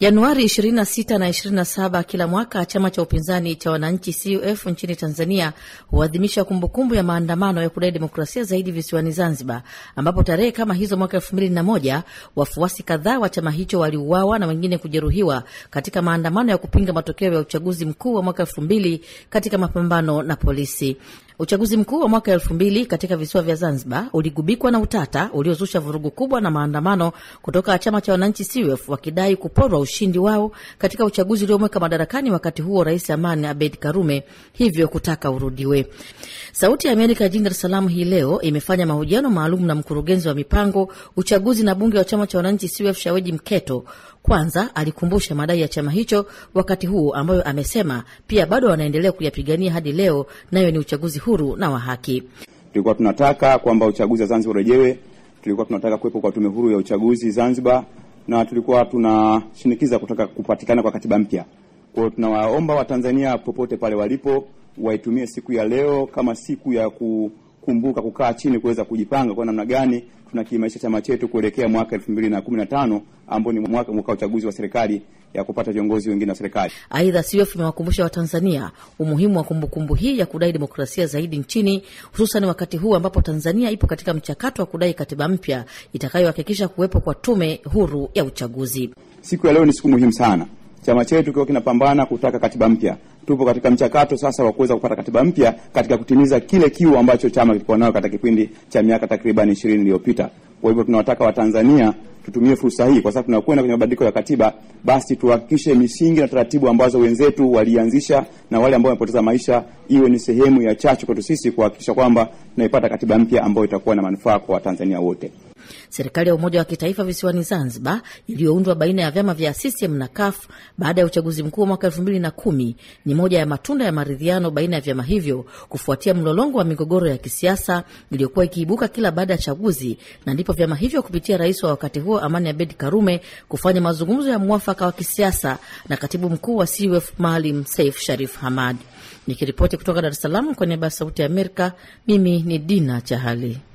Januari 26 na 27 kila mwaka chama cha upinzani cha wananchi CUF nchini Tanzania huadhimisha kumbukumbu ya maandamano ya kudai demokrasia zaidi visiwani Zanzibar, ambapo tarehe kama hizo mwaka 2001 wafuasi kadhaa wa chama hicho waliuawa na wengine kujeruhiwa katika maandamano ya kupinga matokeo ya uchaguzi mkuu wa mwaka 2000 katika mapambano na polisi. Uchaguzi mkuu wa mwaka elfu mbili katika visiwa vya Zanzibar uligubikwa na utata uliozusha vurugu kubwa na maandamano kutoka chama cha wananchi CUF wakidai kuporwa ushindi wao katika uchaguzi uliomweka madarakani wakati huo Rais Amani Abeid Karume, hivyo kutaka urudiwe. Sauti ya Amerika jijini Dar es Salaam hii leo imefanya mahojiano maalum na mkurugenzi wa mipango, uchaguzi na bunge wa chama cha wananchi CUF Shaweji Mketo. Kwanza alikumbusha madai ya chama hicho wakati huo, ambayo amesema pia bado wanaendelea kuyapigania hadi leo, nayo ni uchaguzi huru na wa haki. Tulikuwa tunataka kwamba uchaguzi wa Zanzibar urejewe, tulikuwa tunataka kuwepo kwa tume huru ya uchaguzi Zanzibar, na tulikuwa tunashinikiza kutaka kupatikana kwa katiba mpya. Kwa hiyo tunawaomba Watanzania popote pale walipo waitumie siku ya leo kama siku ya kukumbuka kukaa chini kuweza kujipanga kwa namna gani tunakiimarisha chama chetu kuelekea mwaka elfu mbili na kumi na tano ambao ni mwaka mwaka uchaguzi wa serikali ya kupata viongozi wengine wa serikali. Aidha, CUF imewakumbusha Watanzania umuhimu wa kumbukumbu hii ya kudai demokrasia zaidi nchini, hususan wakati huu ambapo Tanzania ipo katika mchakato wa kudai katiba mpya itakayohakikisha kuwepo kwa tume huru ya uchaguzi. Siku ya leo ni siku muhimu sana, chama chetu kiwa kinapambana kutaka katiba mpya tupo katika mchakato sasa wa kuweza kupata katiba mpya katika kutimiza kile kiu ambacho chama kilikuwa nayo katika kipindi cha miaka takriban ishirini iliyopita. Kwa hivyo tunawataka Watanzania tutumie fursa hii kwa sababu tunakwenda kwenye mabadiliko ya katiba, basi tuhakikishe misingi na taratibu ambazo wenzetu walianzisha na wale ambao wamepoteza maisha iwe ni sehemu ya chachu kwetu sisi kuhakikisha kwamba tunaipata katiba mpya ambayo itakuwa na manufaa kwa Watanzania wote. Serikali ya umoja wa kitaifa visiwani Zanzibar iliyoundwa baina ya vyama vya CCM na CUF baada ya uchaguzi mkuu wa mwaka elfu mbili na kumi ni moja ya matunda ya maridhiano baina ya vyama hivyo kufuatia mlolongo wa migogoro ya kisiasa iliyokuwa ikiibuka kila baada ya chaguzi, na ndipo vyama hivyo kupitia rais wa wakati huo Amani Abedi Karume kufanya mazungumzo ya mwafaka wa kisiasa na katibu mkuu wa CUF Maalim Seif Sharif Hamad. Nikiripoti kutoka Dar es Salaam kwa niaba ya Sauti ya Amerika, mimi ni Dina Chahali.